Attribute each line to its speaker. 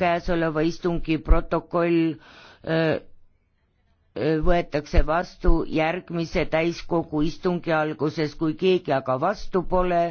Speaker 1: käesoleva istungi protokoll öö, võetakse vastu järgmise täiskogu istungi alguses kui keegi aga
Speaker 2: vastu pole